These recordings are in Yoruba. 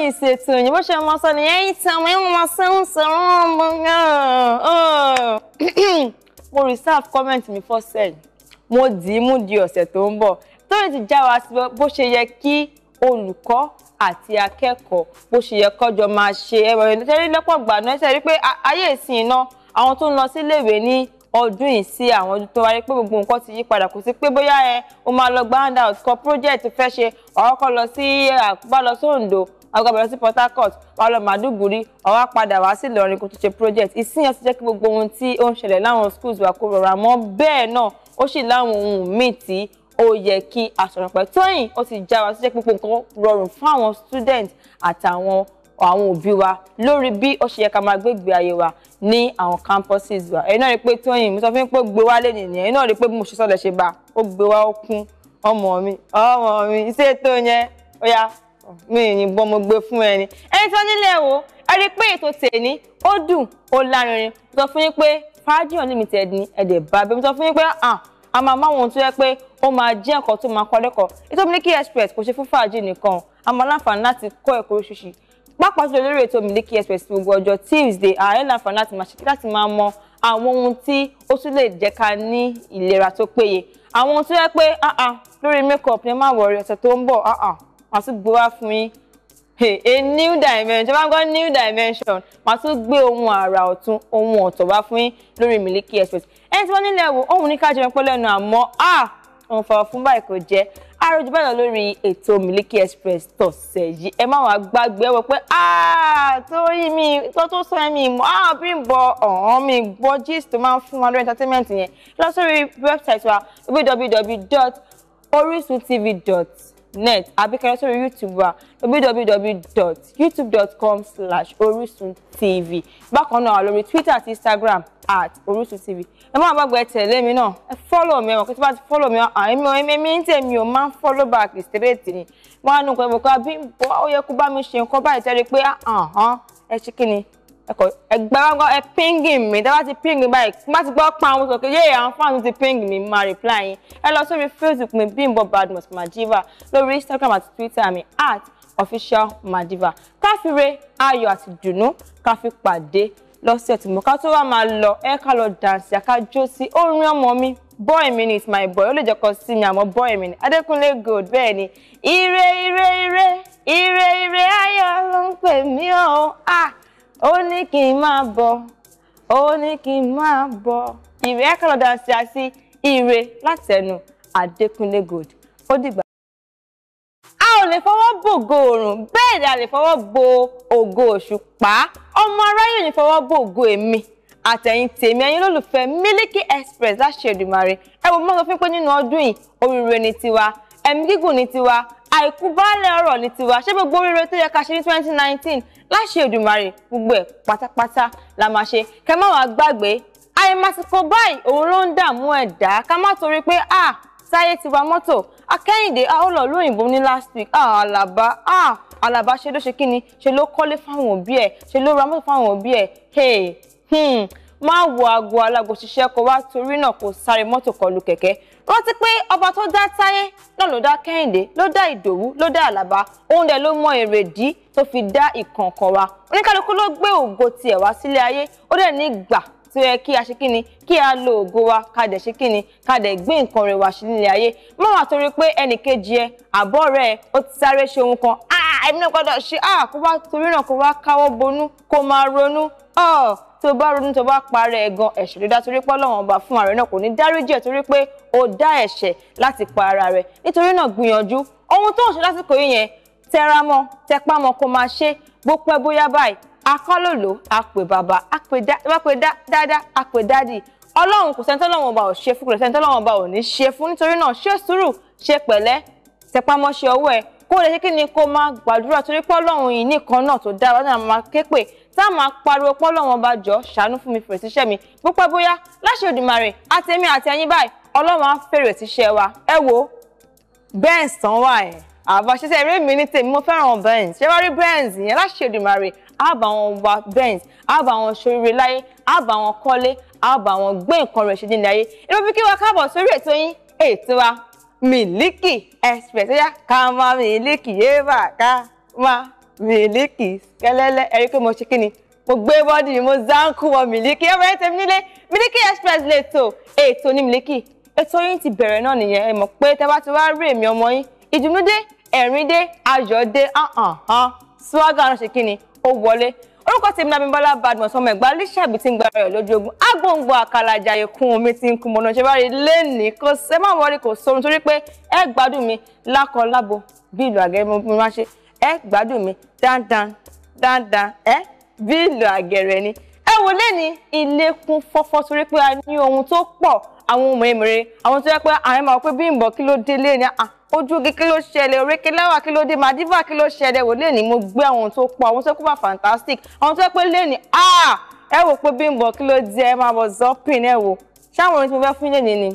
lórí ìṣètò yìí bó ṣe mọ sọ nìyẹn ìtàn mi ń mọ sí ń sọ̀rọ̀ ọmọ mo reserve comment mi fọ́ sẹ́yìn mo dì í mú di ọ̀sẹ̀ tó ń bọ̀ torí ti já wa sí bó ṣe yẹ kí olùkọ́ àti akẹ́kọ̀ọ́ bó ṣe yẹ kọ́jọ máa ṣe ẹ̀rọ ìdẹ́tẹ́rí lọ́pọ̀ ìgbà náà ṣe rí pé ayé ìsìn iná àwọn tó ń lọ síléèwé ní ọdún yìí sí àwọn ọdún tó wáyé pé gbogbo nǹkan ti yí padà kò sí pé bóyá ẹ o máa lọ gba handout kan project fẹ́ ṣe ọ̀rọ̀ kan lọ sí àgbà lọ sóńdò ọgá bẹ̀rẹ̀ sí Port Harcourt wà lọ Màdúgùrí ọwá padà wá sí Ìlọrin kò tún ṣe project ìsìnyẹn ti jẹ́ kí gbogbo ohun tí ó ń ṣẹlẹ̀ láwọn schools wa kó rọra mọ́ bẹ́ẹ̀ náà ó sì láwọn ohun míì tí ó yẹ kí àsọ̀rọ̀pẹ̀ Tóyìn ó ti já wa sí jẹ́ pípọ̀ nǹkan rọrùn fún àwọn student àtàwọn àwọn òbí wa lórí bí ó ṣe yẹ ká máa gbégbé ayé wa ní àwọn campuses wa ẹ̀yin náà rí pé Tóyìn mo sọ fún pé gbé wá lé nìyẹn ẹ̀yin náà rí pé bí mo ṣe sọ̀lẹ̀ ṣe bá ó gbé wá ó kún ọmọ mi ọmọ mi iṣẹ́ tó yẹn ó yá mi ni yìnbọn mo gbé fún ẹni ẹni ni nílé wo ẹ rí i pé ètò tèmi ó dùn ó lárinrin mo sọ fún yín pé fàájì unlimited ni ẹ̀dẹ̀ bá bẹ́ẹ̀ mo sọ ah. yín pé ah, a máa máa wọn tó yẹ pé ó máa jẹ́ nǹkan tó máa kọ́ lẹ́kọ̀ọ́ ètò Miliki Express kò ṣe fún fàájì nìkan a máa láǹfààní láti kọ́ ẹ̀kọ́ oríṣiríṣi pápá jùlọ lórí ètò Miliki Express gbogbo ọjọ́ Tuesday ààrẹ láǹfààní láti máa ṣe láti máa mọ àwọn ohun tí ó tún lè jẹ́ ká ní ìlera tó péye àwọn ohun tó yẹ pé ah, ah, lórí make ni máa wọ̀rí ọ̀sẹ̀ tó ń bọ̀ màá tún wá fún yín a new dimension bá ń gbọ́ new dimension màá tún gbé ohun àrà ọ̀tun ohun ọ̀tọ̀ wá fún yín lórí Miliki Express ẹni tí wọ́n nílẹ̀ wò òun ní ká jẹun lẹ́nu àmọ́ ah òun fọwọ́ fún báyìí kò jẹ́ àròjù báyìí lórí ètò Miliki Express tọ̀sẹ̀ yìí ẹ má wàá gbàgbé ẹ wọ pé torí mi tó tó sọ mi mọ Bimbo ọ̀hún mi gbọ́ gist tó máa ń fún wa lórí entertainment yẹn lọ sórí website wa www.orisuntv.com net àbí kẹrẹ sórí youtube wa www.youtube.com/orisuntv bákan náà lórí twitter àti instagram at orisuntv ẹ máa bá gbẹ tẹ̀lé mi náà ẹ fọ́lọ̀ mi ẹ̀wọ̀n kí tí bá ti fọ́lọ̀ mi àmì ẹ̀mí ẹ̀mí ń tẹ̀mí o máa ń fọ́lọ̀ bá kìstẹ́rẹ́tì ni wọ́n á nù pẹ̀lú pé bí ó yẹ kó bá mi ṣe nǹkan báyìí tẹ́lẹ̀ pé ah, ah, ẹ ṣe kí ni ẹkọ ẹgbẹ́ ẹ píngì mi tẹ́ bá ti píngì báyìí má ti gbọ́ pa àwọn sọ̀kè yé àwọn fáwọn tó ti píngì mi máa reply yín ẹ lọ sórí Facebook mi Bimbo Badmus Madiva lórí Instagram àti Twitter mi at official Madiva káfíre ayọ̀ àti dùnú káfí pàdé lọ́sẹ̀ tí mo ká tó wá máa lọ ẹ ká lọ dànsì àkájọ sí orin ọmọ mi boy mi ni is my boy ó lè jẹ́ kó sí ni àmọ́ boy mi ni Adékúnlé Gold bẹ́ẹ̀ ni ire ire ire ire ire ayọ̀ ló ń pè mí o ah ó ní kí n máa bọ̀ ó ní kí n máa bọ̀ ìrè ẹ̀kọ́lọ́dà sí àti ire látẹnu Adékúnlé Gold ó dìgbà. a ò lè fọwọ́ bògo òrùn bẹ́ẹ̀ ni a lè fọwọ́ bo ògo òṣùpá ọmọ aráyè ò ní fọwọ́ bògo èmi àtẹ̀yìn tèmi ẹ̀yin lólùfẹ́ Miliki Express láṣẹ Èdùmàrè ẹ wò mọ́ sọ fún pé nínú ọdún yìí oríire ni tiwa ẹ̀mí gígùn ni tiwa àìkú baálé ọ̀rọ̀ ni tiwa ṣé gbogbo oríire tó yẹ ká ṣe ní twenty nineteen láṣẹ Èdùmàrè gbogbo ẹ̀ pátápátá la máa ṣe kẹ́ má wàá gbàgbé àìmásìkò báyìí òun ló ń dààmú ẹ̀dá ká má torí pé à sáyé ti wa mọ́tò akẹ́yìndé a ó lọ lóyìnbó ní last week àlàbá alaba, ṣe ló ṣe kí ni ṣe ló kọ́lé fáwọn òbí ẹ̀ ṣe ló ra mọ́tò fáwọn òbí ẹ̀ hey hmm má wo aago alágo ṣiṣẹ́ kó wá torí náà kó sáré mọ́tò kọlu kẹ̀kẹ́ rántí pé ọba tó dá táyé náà ló dá kẹ́hìndé ló dá ìdòwú ló dá àlàbá òun dẹ̀ ló mọ èrèdí tó fi dá ìkọ̀ọ̀kan wa oníkálukú ló gbé ògo tiẹ̀ wá sílé ayé ó dẹ̀ ní gbà tó yẹ kí a ṣe kíni kí a lo ògo wa ká dẹ̀ ṣe kíni ká dẹ̀ gbé nǹkan rẹ̀ wá sílé ayé má wá torí pé ẹnì kejì ẹ àbọ̀ rẹ̀ ó ti sáré ṣe ohun kan àìmínà ah, gbọ́dọ̀ ṣe àkóbá ah, torí náà kó wá káwọ́ bonú kó máa ronú ah, tó bá ronú tó bá parẹ́ gan ẹ̀ṣẹ̀ ló dá torí pé Ọlọ́run ọba fún ààrẹ náà kò ní dáríjì ẹ̀ torí pé ó dá ẹ̀ṣẹ̀ láti pa ara rẹ̀ nítorí náà gbìyànjú ohun tó ń ṣe lásìkò yìí yẹn tẹramọ́ tẹpámọ́ kó máa ṣe bó pẹ́ bóyá báyìí akọ́lòlò àpè bàbá àpè dáadáa àpè dádì Ọlọ́run kò sẹ́ńtọ́ lọ́wọ́n ọba ò ṣe fún kò sẹ́ńtọ́ lọ́wọ́n ọba ò ní ṣe fún nítorí náà ṣe sùúrù ṣe pẹ̀lẹ́ tẹpámọ́ ṣe ọwọ́ ẹ̀ kó lè ṣe kí ni kó máa gbàdúrà torí pọ́lọ́run yìí nìkan náà tó dára náà máa ké pè tá a máa pariwo pọ́lọ́run bá jọ ṣàánú fún mi fèrèsí iṣẹ́ mi púpọ̀ bóyá láṣẹ Olódùmarè àtẹ̀mí àti ẹ̀yin báyìí ọlọ́run á fèrèsí iṣẹ́ wa ẹ wo Benz tán wà ẹ̀ àbáṣiṣẹ́ eré mi ní tèmi mo fẹ́ràn Benz ṣé wá rí Benz yẹn láṣẹ Olódùmarè àbà wọn wa Benz àbà wọn ṣoríire láyé àbà wọn kọ́lé àbà wọn gbé nǹkan rẹ̀ ṣe nílẹ̀ ayé ẹ fi kí wa káàbọ̀ sórí ètò yín ètò wa Miliki Express ẹ̀yà ká máa Miliki yéèbà ká máa Miliki kẹlẹ́lẹ́ ẹ̀rí pé mo ṣe kí ni mo gbé bọ́dì mi mo zánkù wọ Miliki ẹ̀rọ ẹ̀ tẹ̀mí nílé Miliki Express lè tó ètò ní Miliki ètò yín ti bẹ̀rẹ̀ náà nìyẹn ẹ mọ̀ pé tẹ́ bá ti wá rí èmi ọmọ yín ìdùnnú dé ẹ̀rín dé ayọ̀ dé swagger náà ṣe kí ni ó wọlé orúkọ tèmi náà bímbọ́lá badmus ọmọ ẹ̀gbá líṣàbí tí ń gba ẹ̀rọ lójú ogun agbóǹgbò àkàlàjà ikún omi tí ń kun mọ̀nà ṣe bá rí lẹ́ẹ̀ni kò ṣe má wọlé kò sórun torí pé ẹ gbádùn mi lákọ lábo bí ìlú àgẹrẹ mo máa ṣe ẹ gbádùn mi dandan dandan ẹ bí ìlú àgẹrẹ ni ẹ wò lẹ́ni ilé kún fọ́fọ́ torí pé a ní ohun tó pọ̀ àwọn ohun mèremère àwọn tó yẹ pé àárín máa pé bí ìbọn kí ló délé ni ojú oge kí ló ṣẹlẹ̀ orékè lẹ́wà kí ló dé madiva kí ló ṣẹlẹ̀ wò lẹ́ni mo gbé àwọn tó pọ̀ àwọn tó kú bá fantastic àwọn tó pé lẹ́ni ah! ẹ wò pé Bímbọ́ kí ló jẹ ẹ máa bọ̀ zọ́pìn ẹ wò ṣáwọn orin tí mo fẹ́ fún yẹn ni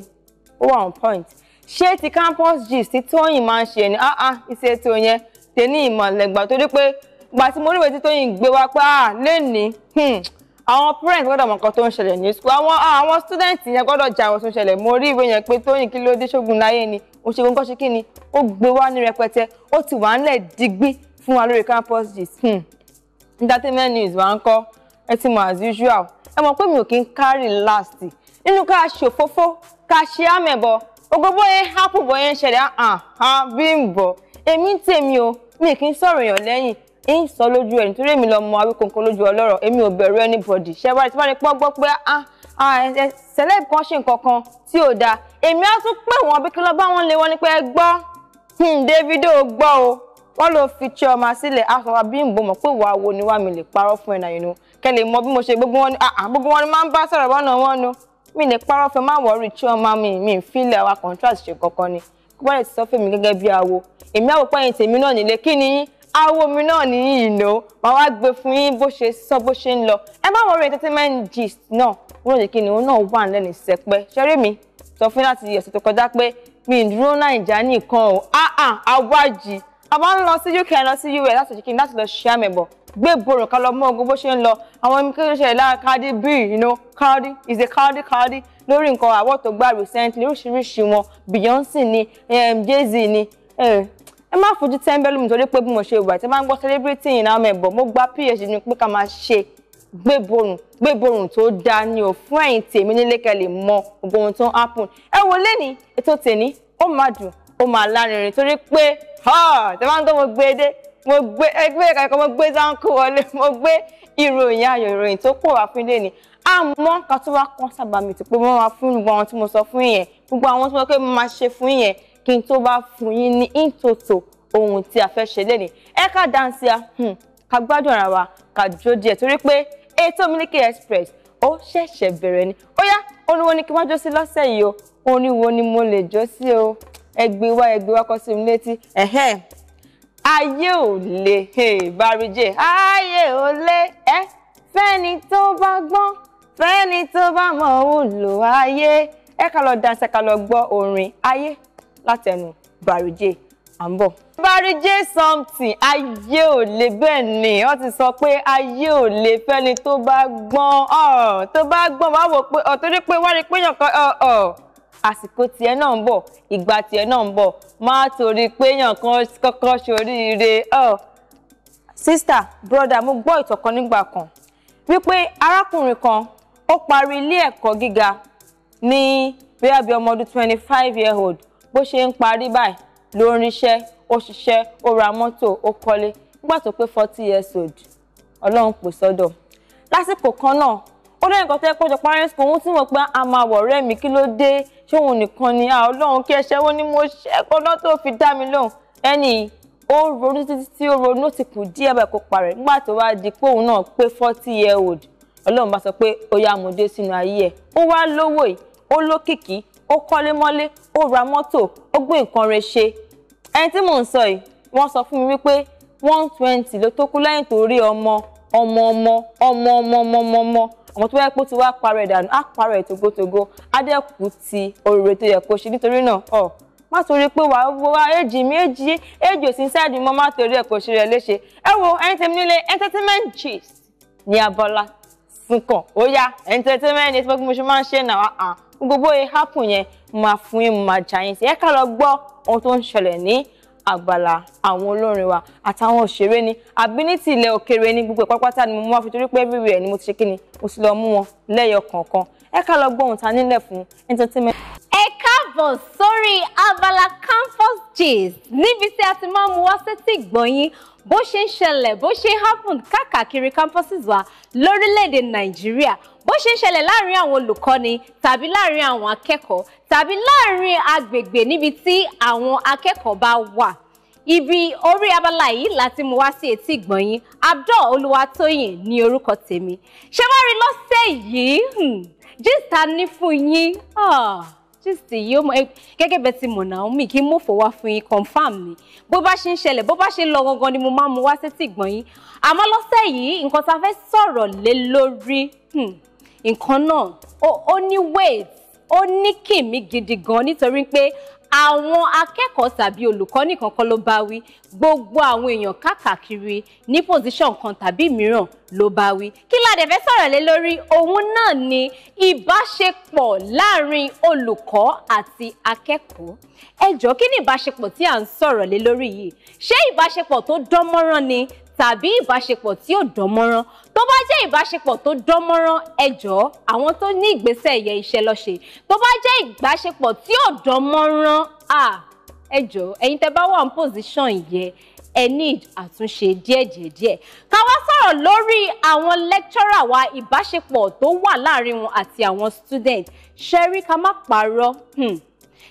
ó wà on point ṣé ti campus gist tí Tóyìn máa ń ṣe ni ah, ah, iṣẹ́ ètò yẹn tẹ̀lé ìmọ̀lẹ́gbà torí pé gbà tí mo rí ìwé tí Tóyìn gbé wá pé lẹ́ni hmm, àwọn parents gbọ́dọ̀ mọ̀ nǹkan tó ń ṣẹlẹ̀ ní school àwọn àwọn students yẹn gbọ́dọ̀ jà àwọn tó ń ṣẹlẹ̀ mo rí ìwé yẹn pé Tóyìn kí ló dé ṣógun láyé ni òṣèlú nǹkan kí ni ó gbé wá ní rẹpẹtẹ ti wà nílẹ̀ digbí fún wa lórí campus gist hmm. entertainment news wa ń kọ́ ẹ ti as usual ẹ mọ̀ pé mi ò kí ń carry last nínú ká ṣòfófó ká ṣe yẹn hápù bọ̀ yẹn ṣẹlẹ̀ àhán bí ń bọ̀ èmi ń tèmi o mi kì í sọ̀rọ̀ èèyàn lẹ́yìn ń sọ lójú ẹ̀ nítorí èmi lójú celeb ah, kan ṣe nǹkan kan tí ò dáa èmi á tún pè wọ́n bí kí lọ bá wọn lé wọn ní pé ẹ gbọ́ hmm, Davido gbọ́ o wọ́n lọ fi chioma sílẹ̀ afọwọ́ ah, bí n bò mọ̀ pé wàá wo ni wàá mi lè parọ́ fún ẹ̀ nàyẹnu kẹlẹ̀ mọ bí mo ṣe gbogbo wọn ni ah, gbogbo wọn ni máa ń bá sọ̀rọ̀ bọ́nà wọn nu mi lè parọ́ fún ẹ má wọ̀ọ́rì chioma mi mi ń filẹ̀ àwa contract ṣe kankan ni wọ́n lè ti sọ fún mi gẹ́gẹ́ bí awo èmi àwọn pẹ́yìn tèmi náà nílé kí ni awo mi náà ní ìnà màá wá gbé fún yín bó ṣe sọ bó ṣe ń lọ ẹ má wọ̀ọ́rì entertainment gist náà wọ́n lè kí ni òun náà wà lẹ́nu sẹpẹ́ ṣẹ́rí mi sọ fún láti ẹ̀sìn tó kọjá pé mi dúró nàìjà nìkan o áà àwájì àbá ń lọ sí UK lọ sí US láti jẹ́ kí n láti lọ ṣe àmẹ̀bọ̀ gbé borò ká lọ mọ ogun bó ṣe ń lọ àwọn ẹni kékeré ṣẹlẹ̀ lára Cardi B you know Cardi is a Cardi Cardi lórí nǹkan àwọ̀ tó gbà recently oríṣiríṣi wọn Beyonce ni um, Jay-Z ni ẹ má fojú tẹ́ńbẹ́lú mi torí pé bí mo ṣe wà tí ẹ máa ń gbọ́ celebrity yìí náà mẹ́bọ̀ mo gba phd ni pé ká máa ṣe gbéborùn gbéborùn tó dáa ni o fún ẹ̀yin tèmi nílé kẹlẹ mọ gbogbo ohun tó ń happen ẹ wo lẹ́ni ètò tèmi ó máa dùn ó máa lárinrin torí pé tẹ máa ń tó mo gbé e dé mo gbé ẹgbẹ́ kankan mo gbé sáńkù wọlé mo gbé ìròyìn ayọ̀ ìròyìn tó pọ̀ wá fún ilé ni àmọ́ ká tó wá kán sábà mi ti pé wọ́n wá fún gbogbo àwọn tí mo sọ fún yẹn gbogbo àwọn tí mo pé mo máa ṣe fún yẹn kí n tó bá fún yín ní ìtòtò ohun tí a fẹ́ ṣe lẹ́ni ẹ ká dáńsíá hmm, ká gbádùn ara wa ká jó díẹ̀ torí pé ètò Miliki Express ó ṣẹ̀ṣẹ̀ bẹ̀rẹ̀ ni ó yá orin wo ni kí wọ́n jó sí lọ́sẹ̀ yìí o orin wo ni mo lè jó sí o ẹgbẹ́ wa ẹgbẹ́ wa kọ́ sí mi létí ayé ò le Barry-J ayé ò le ẹ fẹ́ni tó bá gbọ́n fẹ́ni tó bá mọ̀ ọ́ lò ayé ẹ ká lọ dance ẹ ká lọ gbọ́ orin ayé látẹnu Barry-J à ń bọ̀. bá rí jẹ́ something ayé ò lè bẹ́ẹ̀ ni wọ́n ti sọ pé ayé ò lè fẹ́ni tó bá gbọ́n tó bá gbọ́n wá wò pé torí pé wá rí pé yàn kan àsìkò tiẹ̀ náà ń bọ̀ ìgbà tiẹ̀ náà ń bọ̀ má torí pé yàn kan kọ́kọ́ ṣoríire sister brother mo gbọ́ ìtàn kan nígbà kan wípé arákùnrin kan ó parí ilé ẹ̀kọ́ gíga ní bí ọmọ ọdún twenty five year old bó ṣe ń parí báyìí ló ń ríṣẹ́ ó ṣiṣẹ́ ó ra mọ́tò ó kọ́lé nígbà tó pé forty years old ọlọ́run pò sọ́dọ̀ lásìkò kan náà ó lẹ́yìn kan tẹ́ pé ọjọ́ parents school wọ́n ti mọ̀ pé a ọ̀rẹ́ mi kí ló dé ṣé òun nìkan ni a ọlọ́run kí ẹṣẹ́ wo ni mo ṣe ẹ̀kọ́ náà tó fi dá mi lóhùn ẹni ó ronú títí tí ó ronú ti kù díẹ̀ bẹ́ẹ̀ kó parẹ́ nígbà tó wá di pé òun náà pé forty year old ọlọ́run bá sọ pé ó yá mo dé sínú ayé ẹ̀ ó wá lówó yìí ó lókìkí ó kọ́lé mọ́lé ó ra mọ́tò ó gbé nǹkan rẹ̀ ṣe ẹni tí mò ń sọ yìí wọ́n sọ fún mi wípé one twenty ló tó kú lẹ́yìn tó rí ọmọ ọmọ ọmọ ọmọ ọmọ ọmọ ọmọ ọmọ ọmọ tó yẹ pé ó ti wá parọ́ ẹ̀ dànù á parọ́ ẹ̀ togotogo adẹ́kù ti òrùrè tó yẹ kó ṣe nítorí náà ọ̀ má torí pé wàá wo wá èjì méjì èjì òsín sáàdì mọ́ má torí ẹ̀ kó ṣe rẹ̀ léṣe ẹ wo ẹni tẹ́mi nílé entertainment gist ní abọ́lá sunkan ó yá entertainment ní ẹsẹ̀ pé mo ṣe máa ń ṣe náà gbogbo ìhápù yẹn máa fún yín máa jà yín sí ẹ ká lọ gbọ́ ohun tó ń ṣẹlẹ̀ ní àgbàlá àwọn olórin wa àtàwọn òṣèré ni àbí ní ti ilẹ̀ òkèrè ni gbogbo ìpápátá ni mo máa fi torí pé everywhere ni mo ti ṣe kí ni mo ti lọ mú wọn lẹ́yọ kọ̀ọ̀kan ẹ ká lọ gbọ́ ohun ta nílẹ̀ fún entertainment. ẹ káàbọ̀ sórí abala campus gist níbi tí a ti máa ń mú wá sétí ìgbọ̀nyín bó ṣe ń ṣẹlẹ̀ bó ṣe ń happen káàkiri campuses wa lórílẹ̀‐èdè nàìjíríà bó ṣe ń ṣẹlẹ̀ láàrin àwọn olùkọ́ni tàbí láàrin àwọn akẹ́kọ̀ọ́ tàbí láàrin agbègbè níbi tí àwọn akẹ́kọ̀ọ́ bá wà ibi orí abala yìí láti mu wá sí etí ìgbọ̀nyín abdul olúwatóyìn ní orúkọ tèmi ṣé wàá rí lọ́sẹ̀ yìí hmm. Just ta ní fún yín ah, gist yìí ó mọ gẹ́gẹ́ bẹ́ẹ̀ ti mọ̀ Naomi kí n mọ̀fọ̀ wá fún yín confam ni bó bá ṣe ń ṣẹlẹ̀ bó bá ṣe ń lọ gangan ni mo máa mú wá sétí ìgbọ̀n yín àmọ́ lọ́sẹ̀ yìí nǹkan tá a fẹ́ sọ̀rọ̀ lé lórí hmm, nǹkan náà ó ní weight ó ní kìmí gidi gan nítorí pé àwọn akẹ́kọ̀ọ́ tàbí olùkọ́ nìkan kọ́ ló bá wí gbogbo àwọn èèyàn káàkiri ní pòsíṣàn kan tàbí mìíràn ló bá wí kí la dẹ̀ fẹ́ sọ̀rọ̀ lé lórí òun náà ni ìbáṣepọ̀ láàrin olùkọ́ àti akẹ́kọ̀ọ́ ẹ jọ̀ọ́ kí ni ìbáṣepọ̀ tí à ń sọ̀rọ̀ lé lórí yìí ṣé ìbáṣepọ̀ tó dán mọ́rán ni tàbí ìbáṣepọ̀ tí ò dánmọ́rán tó bá jẹ́ ìbáṣepọ̀ tó dánmọ́rán ẹ jọ̀ọ́ àwọn tó ní ìgbésẹ̀ ẹ̀yẹ iṣẹ́ lọ́ṣe tó bá jẹ́ ìbáṣepọ̀ tí ò dánmọ́rán ẹ jọ̀ọ́ ẹ̀yin tẹ́ bá wà ní pòsíṣàn yẹn ẹ need àtúnṣe díẹ̀díẹ̀díẹ̀ ká wá sọ̀rọ̀ lórí àwọn lecturer wa ìbáṣepọ̀ tó wà láàrin wọn àti àwọn student ṣẹ́rí ká má parọ́ hmm.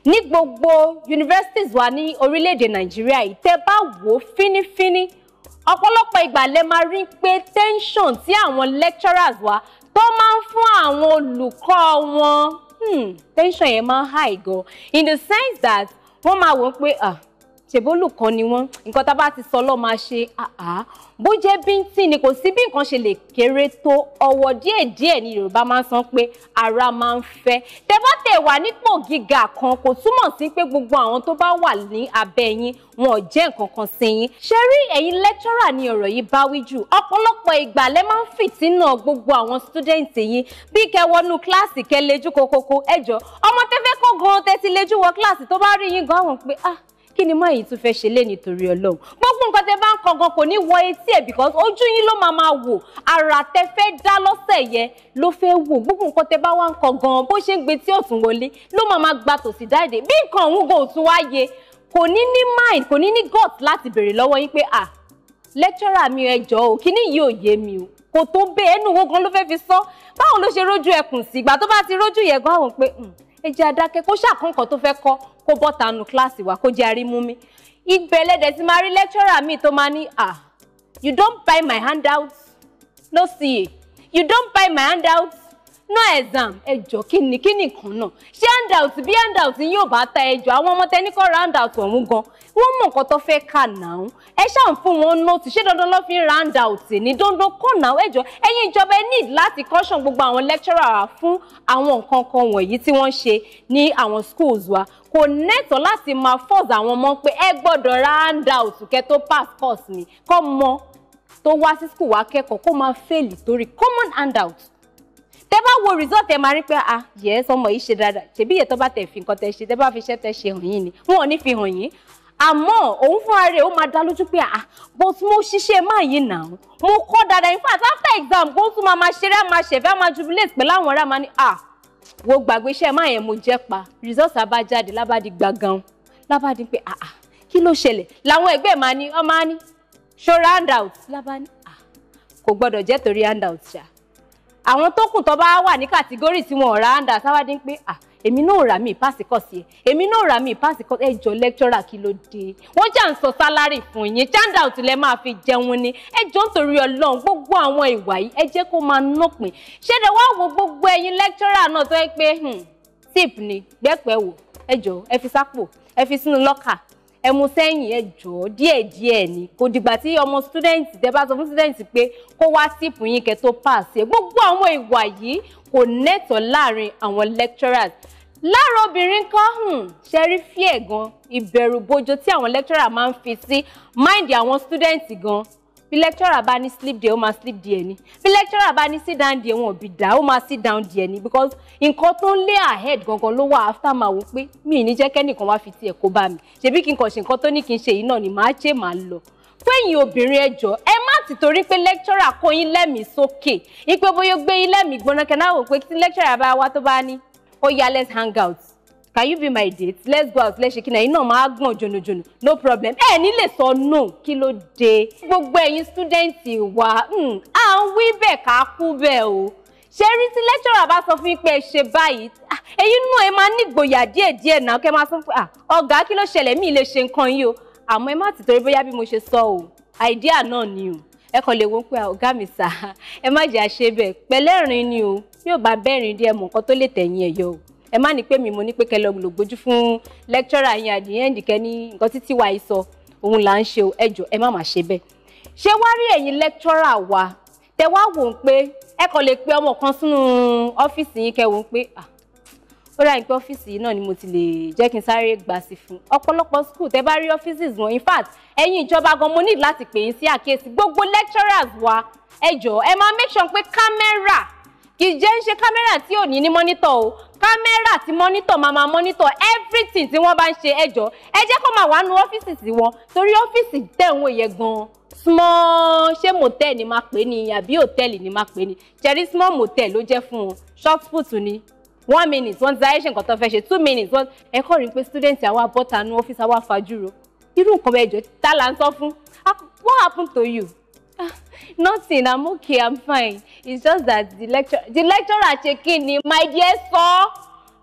ní gbogbo universities wa ní orílẹ̀-èdè nàìjíríà yìí bá wò ó fínífíní ọ̀pọ̀lọpọ̀ ìgbà lẹ máa rí pé tẹ́ńṣọ̀n tí àwọn lecturers wa tó máa ń fún àwọn olùkọ́ wọn hmm, tẹ́ńṣọ̀n yẹn máa ń high gan in the sense that wọ́n máa wò ó pé ṣèbólùkọ́ ni wọ́n nǹkan tá a bá ti sọ lọ́ọ́ máa ṣe bó jẹ́ bíntín ni kò sí bí nǹkan ṣe lè kéré tó ọwọ́ díẹ̀díẹ̀ ni Yorùbá máa ń san pé ara máa ń fẹ́ tẹ́bátẹ̀ wà nípò gíga kan kò túmọ̀ sí pé gbogbo àwọn tó bá wà ní abẹ́ yín wọn ò jẹ́ nǹkan kan sí yín ṣe rí ẹ̀yin lẹ́tọ́rà ni ọ̀rọ̀ yìí bá wí jù ọ̀pọ̀lọpọ̀ ìgbà lẹ́ máa ń fìtínà gbogbo àwọn stúdẹ̀ǹtì yín bí kẹwọnú kíláàsì kẹlẹ́jú kokoko ẹjọ́ ọmọ tẹ́fẹ́ kó gan tẹ́tí lẹ́jú wọ kíláàsì tó bá rí yín gan àwọn pé ah kí ni mọ́ èyí tún fẹ́ ṣe lé nítorí ọlọ́run gbogbo nǹkan tẹ bá ń kankan kò ní wọ etí ẹ̀ because ojú yín ló máa máa wò ara tẹ fẹ́ dá lọ́sẹ̀ yẹn ló fẹ́ wò gbogbo nǹkan tẹ bá wá ń kankan bó ṣe ń gbé tí òtún wọlé ló máa máa gba tòsí dáìdè bí nǹkan òun gan òtún wá yé kò ní ní mind kò ní ní gut láti béèrè lọ́wọ́ yín pé ah lecturer mi ẹ jọ̀ọ́ o kíní yìí ò yé mi o kò tó bẹ́ẹ̀ ẹnu wo gan ló fẹ́ fi sọ báwo ló ṣe rójú ẹkùn sí ìgbà tó bá ti rójú yẹ gan àwọn pé hmm, ẹ jẹ́ adákẹ́ kó ṣàkóǹkan tó fẹ́ kọ́ kó bọ́ta nu kíláàsì wa kó jẹ́ arímú mi ìgbẹ̀lẹ́dẹ̀ ti máa rí lẹ́kṣọ́rà míì tó máa ní à you don't buy my handouts no see you don't buy my handouts no exam ẹjọ́ kí ni kí ni kan náà ṣé handout bí handout yín ò bá ta ẹjọ́ àwọn ọmọ tẹni kọ́ ra handout ọ̀hún gan wọ́n mọ̀ nǹkan tó fẹ́ kà náà ẹ ṣáà ń fún wọn nóòtù ṣé dandan ló fi ń ra handout ní dandan kọ́ náà ẹjọ́ ẹ̀yin ìjọba ẹ need láti caution gbogbo àwọn lecturer fún àwọn nǹkan kan wọ̀nyí tí wọ́n ṣe ní àwọn schools wa kò nẹ́tọ̀ láti máa force àwọn ọmọ pé ẹ gbọ́dọ̀ ra handout kẹ́ tó pass course mi kọ́ mọ tó wá sí school wa kẹ́kọ̀ọ́ kó máa fail torí common handout tẹ bá wo result ẹ máa rí pé ah yẹ sọmọ yìí ṣe dáadáa ṣèbí yẹ tó bá tẹ fi nǹkan tẹ ṣe tẹ bá fi iṣẹ́ tẹ ṣe hàn yín ni wọn ò ní fi hàn yín àmọ́ òun fúnra rẹ̀ ó máa dá lójú pé ah but mo ṣiṣẹ́ máa yìí nà án mo kọ́ dáadáa in fact after exam kó tún máa máa ṣeré máa ṣẹ̀fẹ́ máa jubilate pẹ̀lú àwọn ará máa ní ah wo gbàgbé iṣẹ́ máa yẹn mo jẹ́ pa result abájáde lábàdí gbàgán lábàdí pé ah ah kí ló ṣẹlẹ̀ làwọn ẹgbẹ́ máa ní ọmọ á ní ṣó round out lábàdí ah kò gbọ́dọ̀ jẹ́ torí handout ṣáà àwọn tó kù tó bá wà ní kàtígórì tí wọn ọ̀rá àǹdà sáwádé ń pé à ah, èmi náà rà mí ìpásíkọ̀sì ẹ̀ èmi náà rà mí ìpásíkọ̀sì ẹjọ́ lẹ́kítọ́rà kí ló dé wọ́n jà ń sọ sálárì fún yín jáǹdà ò tilẹ̀ máa fi jẹun ni ẹjọ́ nítorí ọlọ́run gbogbo àwọn ìwà yìí ẹ jẹ́ kó máa nọ́pin ṣẹ́dẹ̀ wá wo gbogbo ẹ̀yin lẹ́kítọ́rà náà tó yẹ pé hmm, tip ni gbẹ́pẹ́ wò ẹjọ́ ẹ fi sápò ẹ fi sínú lọ́kà ẹ mú sẹ́yìn ẹ jọ̀ọ́ díẹ̀díẹ̀ ni kò dìgbà tí ọmọ student tẹ́ bá sọ fún student pé kó wá sípò yín kẹ́ tó pass ẹ gbogbo àwọn ìwà yìí kò nẹ́tọ̀ láàrin àwọn lecturers lára obìnrin kan hùn hmm, ṣẹ́rí fíẹ̀ gan ìbẹ̀rù bojo tí àwọn lecturer máa ń fi sí máìndì àwọn student gan bí lecturer bá ní sleep there ó máa sleep there ni bí lecturer bá ní sit down there wọn ò bí dá ó máa sit down there ni because nǹkan tó ń lé ahead gangan ló wà after máa wò pé mi ì ní jẹ́ kẹ́nìkan wá fi tiẹ̀ kó bá mi ṣebí kí n kàn ṣe nǹkan tó ní kí n ṣe yìí náà ni màá ṣe màá lọ pẹ́yìn obìnrin ẹjọ́ ẹ má ti torí pé lecturer kó yín lẹ́mìí sókè ipe bóyá gbé yín lẹ́mìí gbóná kẹ́ná wò pé tí lecturer bá wá tó bá ní ó yá let's hang out can you be my date let's go out let's ṣe kí náà iná máa gbọ̀n jònòjònò no problem Eh, ni le so no kilo ló dé gbogbo ẹ̀yin students wa hmm, ń wí bẹ́ẹ̀ ká kú bẹ́ẹ̀ o ṣe rí tí lecturer bá sọ fún yín pé ẹ ṣe báyìí ah, ẹ̀yin náà ẹ máa nígboyà díẹ̀ díẹ̀ náà kẹ́ máa sọ pé ah, ọ̀gá kí ló ṣẹlẹ̀ mí lè ṣe nǹkan yìí o àmọ́ ẹ má ti torí bóyá bí mo ṣe sọ o idea náà ni o ẹ kàn lè wo pé ah, ọ̀gá mi sà ẹ má jẹ́ àṣebẹ̀ pẹ̀lẹ́rìn ni o bí ò bá bẹ́rìn díẹ̀ mọ̀ nǹkan tó lè tẹ̀yìn ẹ̀ ẹ má ní pé mi mo ní pé kẹ lọ lògbójú fún lecturer yín at the end kẹ ní nǹkan títí wa yìí sọ òun là ń ṣe o ẹ jọ̀ọ́ ẹ má má ṣe bẹ́ẹ̀ ṣé wá rí ẹ̀yin lecturer wa tẹ wá wò ó pé ẹ kàn lè pe ọmọ kan sínú ọ́fíìsì yín kẹ wò ó pé ah ó ra ìpín ọ́fíìsì yìí náà ni mo ti lè jẹ́ kí n sáré gbà sí fún ọ̀pọ̀lọpọ̀ school tẹ́ bá rí ọ́fíìsì wọn in fact ìjọba gan mo ní láti pè yín sí àkíyèsí gbogbo lecturers wa ẹ jọ̀ọ́ ẹ máa make sure pé kámẹ́rà kì í jẹ́ ń ṣe kámẹ́rà tí ò ní ní mọ́nítọ̀ o kámẹ́rà tí mọ́nítọ̀ máa máa mọ́nítọ̀ everything tí wọ́n bá ń ṣe ẹjọ́ ẹ jẹ́ kó máa wà nínú ọ́fíìsì sí wọn torí ọ́fíìsì tẹ̀ yẹ gan-an small ṣé motel ni máa pè ní àbí hòtẹ́ẹ̀lì ni máa pè ní cherry small motel ló jẹ́ fún wọn short foot ni one minute one direction nǹkan tó fẹ́ ṣe two minutes one ẹ kọ́ rí i pé student àwa bọ́ta nu ọ́fíìsì àwa fajúro irú nǹkan bẹ́ẹ̀ jọ tá là ń sọ fún what happened to you nothing i'm okay i'm fine it's just that the lecturer the lecturer ṣe kí ni my dear sọ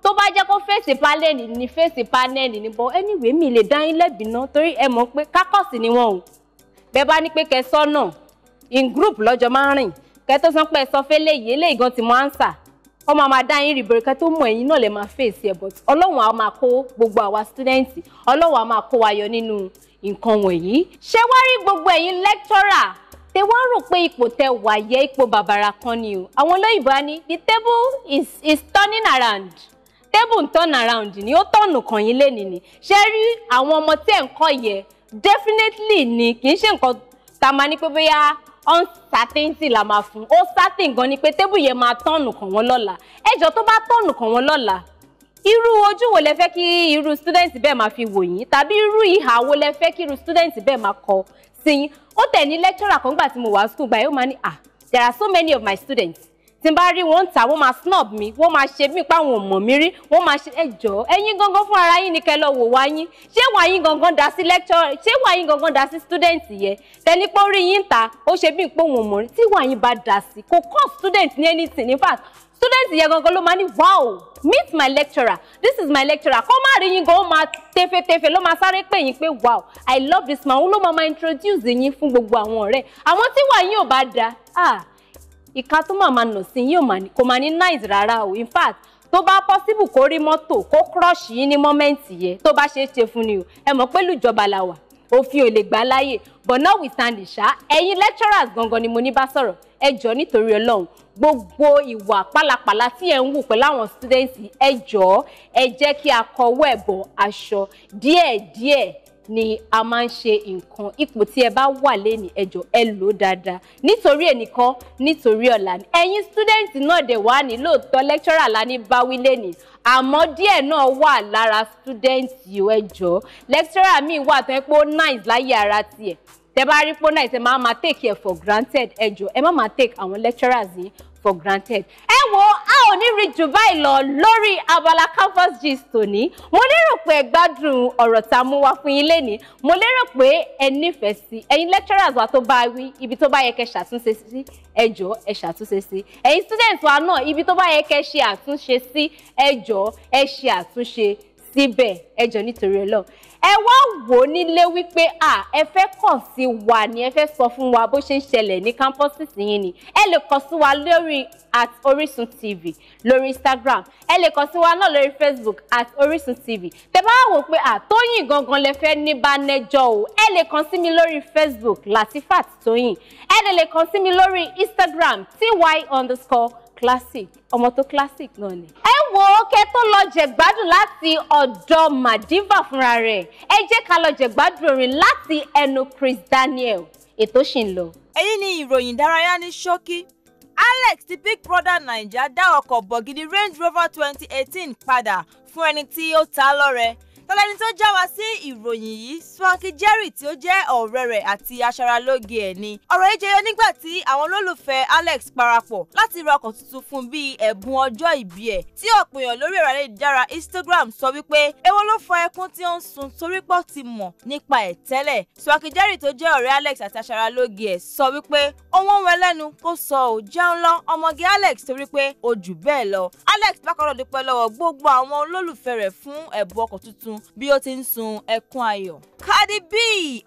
tó bá jẹ́ kó fèsì panẹ́ẹ̀lì ni fèsì panẹ́ẹ̀lì ni bọ́ anyway mi lè dá yín lẹ́bi náà torí ẹ mọ̀ pé kákọ́ọ̀sì ni wọ́n o bẹ́ẹ̀ bá ní pé kẹ sọ́nà in group lọ́jọ́ máa ń rìn kẹ tó sọ pé ẹ sọ fẹ́ léyìí eléyìí gan ti mọ ánsà wọ́n máa máa dá yín rìbẹ̀rẹ̀ kẹ tó mọ̀ ẹ̀yin náà lè máa fèsì ẹ̀ but ọlọ́run á máa kó gbogbo àwa student ọlọ́run á máa kó wa yọ nínú nǹkan wọ̀nyí ṣé wá rí gbogbo ẹ̀yin lecturer tẹ wá rò pé ipò tẹ wà yẹ ipò bàbàrà kan ni o àwọn olóyìnbó á ní the table is is turning around table ń turn around ni ó tọ̀nù kàn yín lẹ́ni ni ṣé rí àwọn ọmọ tí ẹ̀ ń kọ́ yẹ definitely ni kì í ṣe nǹkan tá a máa ní pé bóyá uncertainty la máa fún ó certain gan ni pé tébù yẹn máa tọ̀nù kàn wọ́n lọ́la ẹjọ́ tó bá tọ̀nù kàn wọ́n lọ́la irú ojú wo lẹ fẹ́ kí irú student bẹ́ẹ̀ máa fi wò yín tàbí irú ìhà wo lẹ fẹ́ kí irú student bẹ́ẹ̀ máa kọ sí yín ó tẹ̀ ní lecturer kan gbà tí mo wà school gbà yóò máa ní ah there are so many of my students tí n bá rí wọn ta wọn máa snob mi wọn máa ṣe mí pa àwọn ọmọ mi rí wọn máa ṣe ẹjọ ẹ̀yin gangan fún ara yín ni kẹ́ lọ wò wá yín ṣé wà yín gangan dá sí lecture ṣé wà yín gangan dá sí student yẹ tẹni pé ó rí yín ta ó ṣe bí pé òun ò mọ̀ rí tí wà yín bá dá sí kò kọ́ student ní anything in fact students yẹn gangan ló wow meet my lecturer this is my lecturer kọ́ máa rí yín gan ó tefe tefetefe ló máa sáré pè yín pé wow i love this man òun mama introduce yín fún gbogbo àwọn ọ̀rẹ́ àwọn tí wà yín ò bá da ah ìka tó máa máa nà sí yín kò máa ní nice rárá o in fact tó bá possible kó rí mọ́tò kó crush yín ní mọ́mẹ́ǹtì yẹn tó bá ṣeé ṣe fún ni o ẹ mọ̀ pé lùjọba la wà òfin ò lè gbà láyè but notwithstanding ṣá ẹ̀yin lecturers gangan ni mo ní bá sọ̀rọ̀ ẹ jọ̀ọ́ nítorí Ọlọ́run gbogbo ìwà pálapàla tí ẹ ń wù pẹ̀lú àwọn students ẹ jọ̀ọ́ ẹ jẹ́ kí a kọwọ́ ẹ̀bọ̀ aṣọ díẹ̀díẹ̀ ni a máa ń ṣe nǹkan ipò tí ẹ bá wà lẹ́ni ẹjọ́ ẹ lò ó dáadáa nítorí ẹnìkan nítorí ọ̀la ni ẹ̀yin náà dẹ̀ wá ní lóòótọ́ lecturer la ní báwí lẹ́ni àmọ́ díẹ̀ náà wà lára student yìí ẹjọ́ lecturer mi wà tó ẹ pé ó nice láyé ara tiẹ̀ tẹ bá rí pọ́nà ìṣe máa máa take care for granted ẹ jọ ẹ má máa take àwọn lecturers yìí for granted. ẹ wo a ò ní rí jù báyìí lọ lórí abala campus gist tòní mo lérò pé ẹ gbádùn ọ̀rọ̀ tá a mú wá fún yín lénìí mo lérò pé ẹ nífẹ̀ẹ́ sí ẹ̀yin lecturers wa tó bá wí ibi tó bá yẹ kẹ́ ṣàtúnṣe sí ẹ jọ̀ọ́ ẹ ṣàtúnṣe sí ẹ̀yin students wa náà ibi tó bá yẹ kẹ́ ṣe àtúnṣe sí ẹ jọ̀ọ́ ẹ ṣe àtúnṣe sí síbẹ̀ ẹjọ́ nítorí ẹ lọ. ẹ wá wò ó nílé wípé à ẹ fẹ́ kàn sí wa ni ẹ fẹ́ sọ fún wa bó ṣe ń ṣẹlẹ̀ ní campuses yín ni ẹ lè kàn sí wa lórí at Orisun TV lórí Instagram ẹ lè kàn sí wa náà lórí Facebook at Orisun TV tẹ bá wò pé à Tóyìn gangan lẹ fẹ́ ní bánẹjọ o ẹ lè kàn sí mi lórí Facebook Latifat Tóyìn ẹ lè lè kàn sí mi lórí Instagram ty underscore classic ọmọ tó classic náà ni. ẹ wo kẹ tó lọ jẹgbádùn láti ọ̀dọ̀ madiva fúnra rẹ̀ ẹ jẹ́ ká lọ jẹgbádùn orin láti ẹnu Chris Daniel ètò ṣì ń lọ. èyí ni ìròyìn ìdárayá ní ṣókí Alex ti Big Brother Naija dá ọkọ̀ bọ̀gìdì Range Rover 2018 padà fún ẹni tí ó ta lọ́rẹ tọ́lẹ́ni tó já wa sí ìròyìn yìí Swanky Jerry tí ó jẹ́ ọ̀rẹ́ rẹ̀ àti aṣaralóge ẹ̀ ni. ọ̀rọ̀ yìí jẹyọ nígbà tí àwọn olólùfẹ́ Alex parapọ̀ láti ra ọkọ̀ tuntun fún bíi ẹ̀bùn ọjọ́ ìbí ẹ̀ tí ọ̀pọ̀ èèyàn lórí ẹ̀rọ ayélujára Instagram sọ wípé èwo ló fa ẹkún tí ó ń sun torí pọ̀ ti mọ̀ nípa ẹ̀ tẹ́lẹ̀ Swanky Jerry tó jẹ́ ọ̀rẹ́ Alex àti aṣaralóge ẹ̀ sọ wípé ohun ń wẹlẹ́nu kó sọ ò jẹun lọ ọmọge Alex torí pé ó bẹ́ẹ̀ lọ Alex bákan náà dúpẹ́ lọ́wọ́ gbogbo àwọn olólùfẹ́ rẹ̀ fún ẹ̀bùn ọkọ̀ tuntun bí ó ti ń sun ẹkún ayọ̀. Cardi B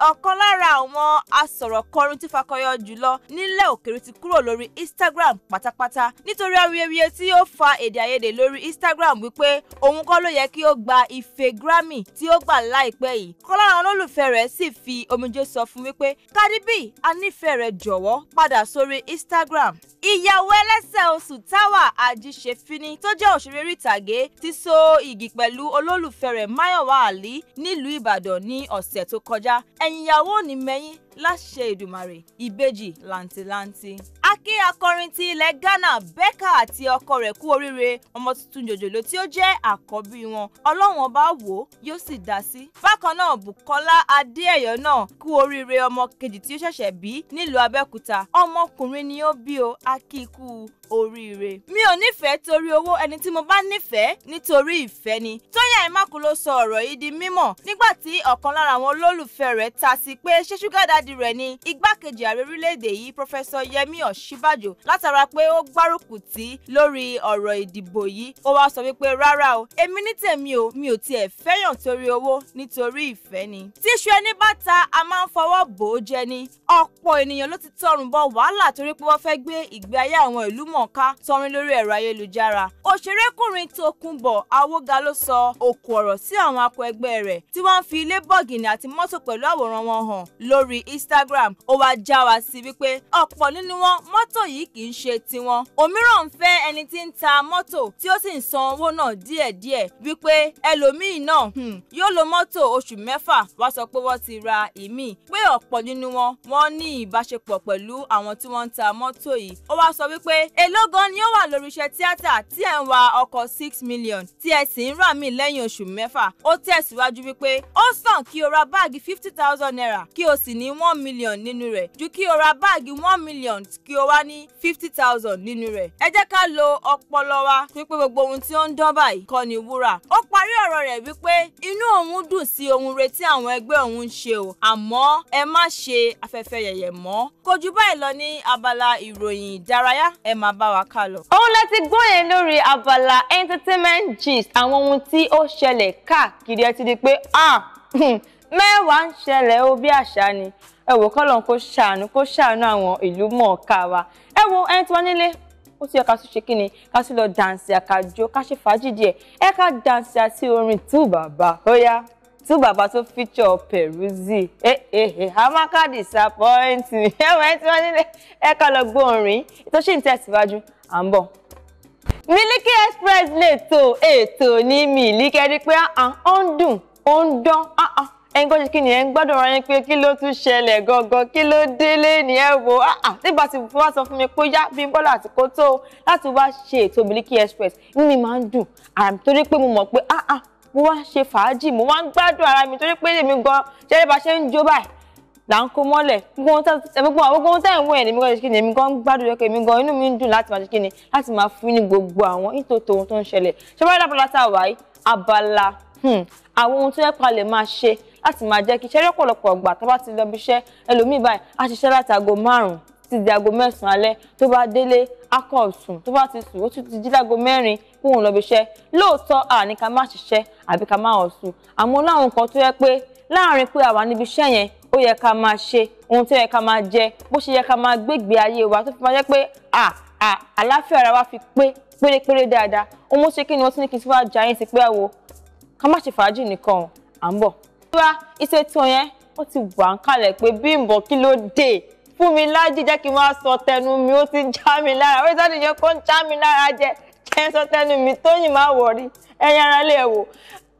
ọ̀kan lára àwọn asọ̀rọ̀kọrin tí fakọyọ jùlọ nílẹ̀ òkèrè ti kúrò lórí Instagram pátápátá nítorí awuyewuye tí ó fa èdè àìyedè lórí Instagram wípé òun kọ́ ló yẹ kí ó gba ife Grammy tí ó gbà láìpẹ́ yìí kan lára àwọn olólùfẹ́ rẹ̀ sì fi omijé sọ fún wípé Cardi B a nífẹ̀ẹ́ rẹ jọ̀wọ́ padà sórí Instagram ìyàwó ẹlẹ́sẹ̀ oṣù táwà àjíṣefíní tó jẹ́ òṣèré ìtàgé ti so igi pẹ̀lú olólùfẹ́ rẹ̀ Máyọ̀wá Àlí nílùú Ìbàdàn ní ọ̀sán ọ̀sẹ̀ tó kọjá ẹ̀yìn ìyàwó ò ní mẹ́yìn láṣẹ Èdùmàrè ìbejì làǹtìlanti. akí akọrin ti ilẹ̀ Ghana Becca àti ọkọ rẹ̀ kú oríire ọmọ tuntun jòjòló tí ó jẹ́ àkọ́bí wọn ọlọ́run ọba wò ó yóò sì dá sí. bákan náà Bukola Adéẹ̀yọ́ náà kú oríire ọmọ kejì tí ó ṣẹ̀ṣẹ̀ bí nílùú Abẹ́òkúta ọmọkùnrin ni ó bí o akíkú oríire. mi ò nífẹ̀ẹ́ torí owó ẹni tí mo bá nífẹ̀ẹ́ nítorí ìfẹ́ ni. Tóyìn Àìmákù ló sọ ọ̀rọ̀ yìí di mímọ̀ nígbà tí ọ̀kan lára àwọn olólùfẹ́ rẹ̀ ta sí pé ṣé ṣúgà dádì rẹ̀ ni igbákejì ààrẹ orílẹ̀-èdè yìí pọ́fẹ́sọ Yẹmí Ọ̀ṣíbàjò látara pé ó gbárùkù tí lórí ọ̀rọ̀ ìdìbò yìí ó wáá sọ wípé rárá o èmi ní tèmi o mi ò tiẹ̀ fẹ́yàn torí owó nítorí ìfẹ́ ni. tíṣu ẹni bá ta a máa ń fọwọ́ bò ó jẹ ni ọ̀pọ̀ ènìyàn ló ti tọrùn bọ wàhálà torí pé wọ́n fẹ́ gbé ìgbé ayé àwọn ìlú m mọ̀ọ́ká tọrin lórí ẹ̀rọ ayélujára òṣèrékùnrin Tókunbọ̀ Awóga ló sọ òkò ọ̀rọ̀ sí àwọn akọ ẹgbẹ́ rẹ̀ tí wọ́n fi ilé bọ̀gìnì àti mọ́tò pẹ̀lú àwòrán wọn hàn lórí Instagram ó wá já wa sí wípé ọ̀pọ̀ nínú wọn mọ́tò yìí kì í ṣe tiwọn òmíràn ń fẹ́ ẹni tí ń ta mọ́tò tí ó sì ń san owó náà díẹ̀díẹ̀ wípé ẹlòmíì náà hmm, yóò lo mọ́tò oṣù mẹ́fà wá sọ pé wọ́n ti ra ìmíì pé ọ̀pọ̀ nínú wọn wọ́n ní ìbáṣepọ̀ pẹ̀lú àwọn tí wọ́n ń ta mọ́tò yìí ó wá sọ wípé èló gan ni ó wà lórí iṣẹ́ tíátà tí ẹ̀ ń wa ọkọ̀ six million tí ẹ sì ń rà mí lẹ́yìn oṣù mẹ́fà ó tẹ̀síwájú wípé ó sàn kí o ra báàgì fifty thousand naira kí o sì ní one million nínú rẹ̀ ju kí o ra báàgì one million kí o wá ní fifty thousand nínú rẹ̀ ẹ jẹ́ ká lo ọpọlọ wa wípé gbogbo ohun tí ó ń dán báyìí kọ́ ni wúrà ó parí ọ̀rọ̀ rẹ̀ wípé inú òun dùn sí ohun retí àwọn ẹgbẹ́ òun ń ṣe o àmọ́ ẹ má ṣe afẹ́fẹ́ yẹ̀yẹ̀ mọ́ kojú báyìí lọ ní abala ìròyìn ìdárayá ẹ má bá wa ká lọ. òun la ti gbọ́ yẹn lórí abala entertainment gist àwọn ohun tí ó ṣẹlẹ̀ káàkiri ẹ ti di pé ah, hmm, mẹ́wàá ń ṣẹlẹ̀ ó bí àṣà ni ẹ wò kọ́lọ̀ kó ṣàánú kó ṣàánú àwọn ìlú mọ̀ọ́ká wa ẹ wo ẹni tí wọ́n nílé ó ti yẹ ká tún ṣe kí ni ká tún lọ dànsì àkàjọ ká ṣe fàájì díẹ̀ ẹ ká dànsì àti orin tú bàbá ó yá two baba tó feature Peruzzi eh eh eh amaka disappoint me ẹwọ ẹ tí wọn nílé ẹ ká lọ gbóòrin tó ṣì ń tẹ̀síwájú à ń bọ̀. Miliki Express lè to ètò ní Miliki ẹni pé ó ń dùn ó ń dán ẹyin kọ́jú kí ni ẹ ń gbọ́dọ̀ ra yín pé kí ló tún ṣẹlẹ̀ gangan kí ló délé ni ẹ wò áà nígbà tí wọ́n sọ fún mi pé yá bí bọ́lá àti kótó láti wá ṣe ètò Miliki Express mímí máa ń dùn àmì torí pé mo mọ̀ pé mo wá ṣe fàájì mo wá ń ara mi torí pé èmi gan jẹ́rẹ́ bá ṣe ń jó báyìí là ń kó mọ́lẹ̀ gbogbo ohun tẹ́yìn wọ̀nyẹn èmi gan ṣe kíni gan ń gbádùn yọkẹ́ èmi gan inú mi ń dùn láti máa ṣe kíni láti máa fún ní gbogbo àwọn nítòtò ohun tó ń ṣẹlẹ̀ ṣé wọ́n rí lábala abala hmm, àwọn ohun tó yẹ pa lè máa ṣe láti máa jẹ́ kí iṣẹ́ rẹ̀ pọ̀lọpọ̀ ọgbà tó bá ti lọ bí iṣẹ́ ẹlòmíì báyìí á ṣiṣẹ́ láti aago márùn títí di aago mẹ́sàn-án alẹ́ tó bá délé akọ̀ sùn tó bá ti sùn ó tún ti jí láago mẹ́rin kó òun lọ bí iṣẹ́ lóòótọ́ àní ká má ṣiṣẹ́ àbí ká má ọ̀sùn àmọ́ láwọn nǹkan tó yẹ pé láàrin pé àwa níbi iṣẹ́ yẹn ó yẹ ká máa ṣe ohun tó yẹ ká máa jẹ bó ṣe yẹ ká máa gbégbé ayé wa tó fi máa jẹ́ pé à à àláfíà ara wa fi pé pérépéré dáadáa ó mú ṣe kí ni wọ́n ti ní kí n ti wá jà yín sí pé àwo ká má ṣe fàájì nìkan à ń bọ̀. ìṣètò yẹn ó ti wà ń kalẹ̀ pé Bímbọ́ kí ló dé fún mi lájì jẹ́ kí n máa sọ tẹnu mi ó ti já mi lára orí sọ́dún yẹn kó ń já mi lára jẹ kí n sọ tẹnu mi tóyìn máa wọ̀rí ẹ̀yin ara lè wò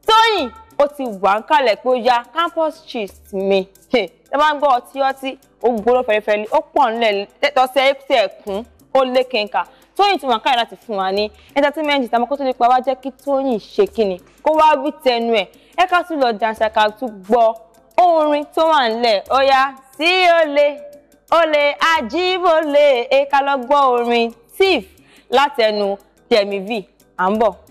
tóyìn ó ti wà ń kalẹ̀ pé ó ya campus cheese mi ẹ máa ń gbọ́ ọtí ọtí ó gbóró fẹlifẹli ó pọ̀ nílẹ̀ lọ́sẹ̀ ẹ̀kútẹ̀ ẹ̀kún ó lé kínka tóyìn ti wà ń kalẹ̀ láti fún wa ní entertainment ìtàmọ́ kó tó lè pa wá jẹ́ kí tóyìn ṣe kíni kó wá wí tẹnu ẹ̀ ẹ̀ka tún lọ jàǹṣàkà tún gbọ́ orin tó wà ńlẹ̀ ó yá sí ó olè ajíbólè ẹ ká lọ gbọ́ orin tiff látẹnu Yẹmí V à ń bọ̀.